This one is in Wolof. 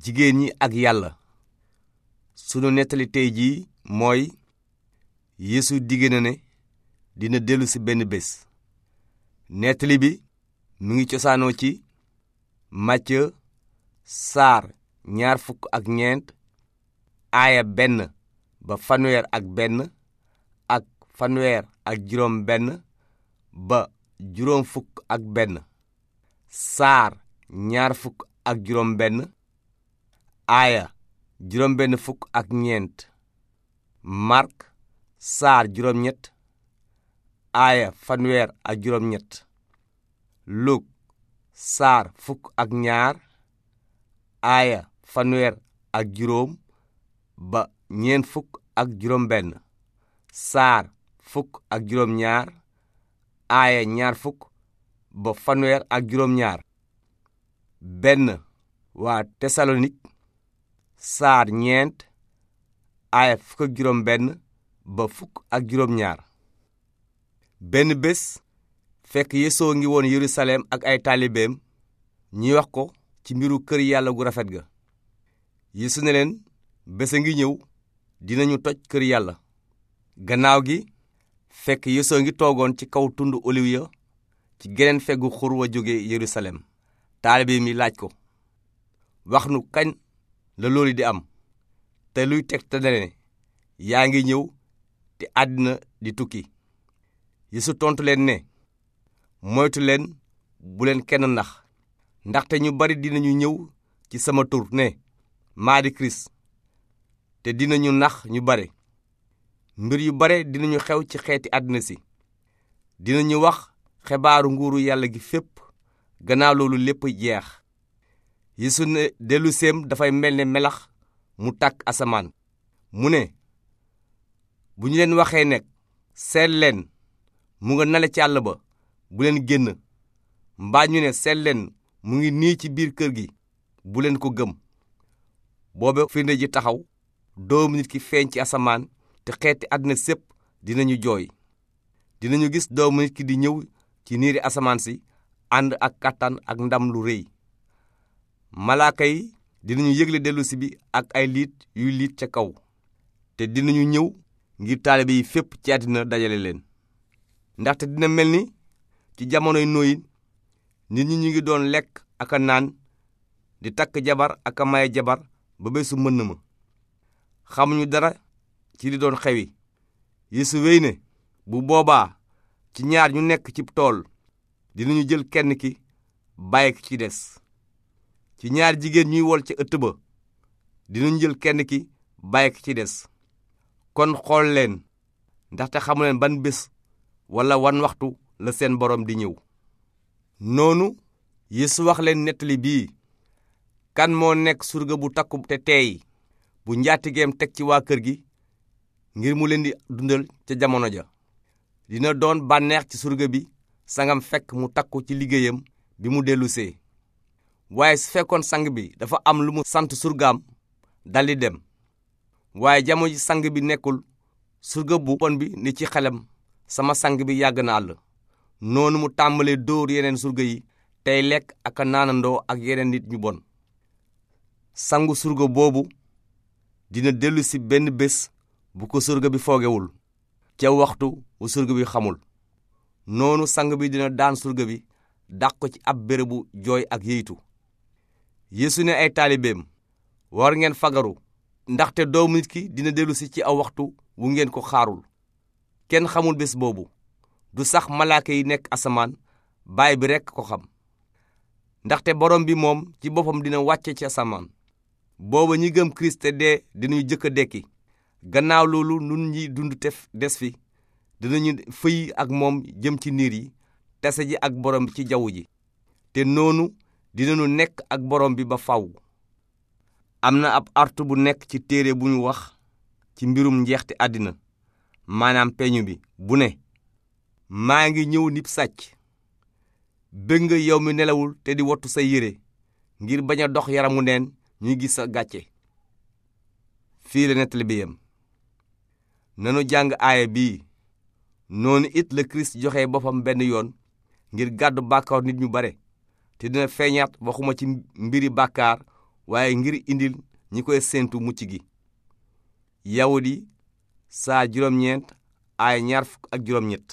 jigéen ñi ak yàlla sunu nettali tey jii mooy yéesu dige na ne dina dellusi benn bés nettali bi mu ngi cosaanoo ci Macë saar ñaar ak ñeent aaya benn ba fanweer ak benn ak fanweer ak juróom benn ba juróom fukk ak benn saar ñaar fukk ak juróom benn aaya juróom benn fukk ak ñeent mark saar juróom ñett aaya fanweer ak juróom ñett luk saar fukk ak ñaar aaya fanweer ak juróom ba ñeent fukk ak juróom benn saar fukk ak juróom ñaar aaya ñaar fukk ba fanweer ak juróom ñaar benn waa tesalonik saar ñeent aaya fukk ak juróom benn ba fukk ak juróom ñaar benn bés fekk yesoo ngi woon yerusalem ak ay taalibeem ñuy wax ko ci mbiru kër yàlla gu rafet ga yeesu ne leen bés a ngi ñëw dinañu toj kër yàlla gannaaw gi fekk yesoo ngi toogoon ci kaw tund oliw ya ci geneen feggu xur wa jóge yerusalem taalibe mi laaj ko wax nu kañ la loolu di am te luy tegtale ne yaa ngi ñëw te àdduna di tukki Yeesu tontu leen ne moytu leen bu leen kenn nax ndaxte ñu bari dinañu ñëw ci sama tur ne maa di Kirist te dinañu nax ñu bare mbir yu bare dinañu xew ci xeeti àddina si dinañu wax xebaaru nguuru yàlla gi fépp gannaaw loolu lépp jeex yeesu ne delluseem dafay mel ne melax mu tàkk asamaan mu ne bu ñu leen waxee nekk seet leen mu nga nale ci àll ba bu leen génn mbaa ñu ne seet mu ngi nii ci biir kër gi bu leen ko gëm booba firnde ji taxaw doomu nit ki feeñ ci asamaan te xeeti àddina sépp dinañu jooy dinañu gis doomu nit ki di ñëw ci niiri asamaan si ànd ak kàttan ak ndam lu rëy malaaka yi dinañu yëgle dellusi bi ak ay liit yuy liit ca kaw te dinañu ñëw ngir taalibe yi fépp ci àddina dajale leen ndaxte dina mel ni ci jamonoy nooyin nit ñi ñu ngi doon lekk ak a naan di takk jabar ak a maye jabar ba bésu mën na ma xamuñu dara ci di doon xewi Yeesu wéy ne bu boobaa ci ñaar ñu nekk ci tool dinañu jël kenn ki bàyyi ki ci des ci ñaar jigéen ñuy wol ca ëtt ba dina jël kenn ki bàyyi ki ci des kon xool leen ndaxte xamu ban bés walla wan waxtu la seen boroom di ñëw noonu Yeesu wax leen nettali bii kan moo nekk surga bu takku te teey bu njaatigeem teg ci waa kër gi ngir mu leen di dundal ca jamono ja dina doon bànneex ci surga bi sangam fekk mu takku ci liggéeyam bi mu dellusee waaye su fekkoon sang bi dafa am lu mu sant surgaam daldi dem waaye jamono ji sang bi nekkul surga bu bon bi ni ci xelam sama sang bi yàgg na àll noonu mu tàmbalee dóor yeneen surga yi tey lekk ak a naanandoo ak yeneen nit ñu bon sangu surga boobu dina dellusi benn bés bu ko surga bi foogewul ca waxtu wu surga bi xamul noonu sang bi dina daan surga bi dàq ko ci ab bérébu jooy ak yeeytu yeesu ne ay taalibeem war ngeen fagaru ndaxte doomu nit ki dina dellusi ci aw waxtu wu ngeen ko xaarul kenn xamul bés boobu du sax malaaka yi nekk asamaan baay bi rekk ko xam ndaxte borom bi moom ci boppam dina wàcce ci asamaan booba ñi gëm kirist dee dinañu jëkk a dekki gannaaw loolu nun ñi dund te des fi dinañu fëy ak moom jëm ci niir yi tase ji ak borom ci jaww ji te noonu dinañu nekk ak borom bi ba faw am na ab artu bu nekk ci téere bu ñu wax ci mbirum njeexti àddina maanaam peñu bi bu ne maa ngi ñëw nib sàcc bëgg nga yow mi nelawul te di wottu say yére ngir bañ a dox yaram yaramu neen ñuy gis sa gàcce fii la nettali bi yem nanu jàng aaya bi noonu it la kirist joxe boppam benn yoon ngir gàddu bàkkaar nit ñu bare te dina feeñaat waxuma ci mbiri bàkkaar waaye ngir indil ñi koy séentu mucc gi yawut yi saa juróom ñeent ay ñaar fukk ak juróom ñett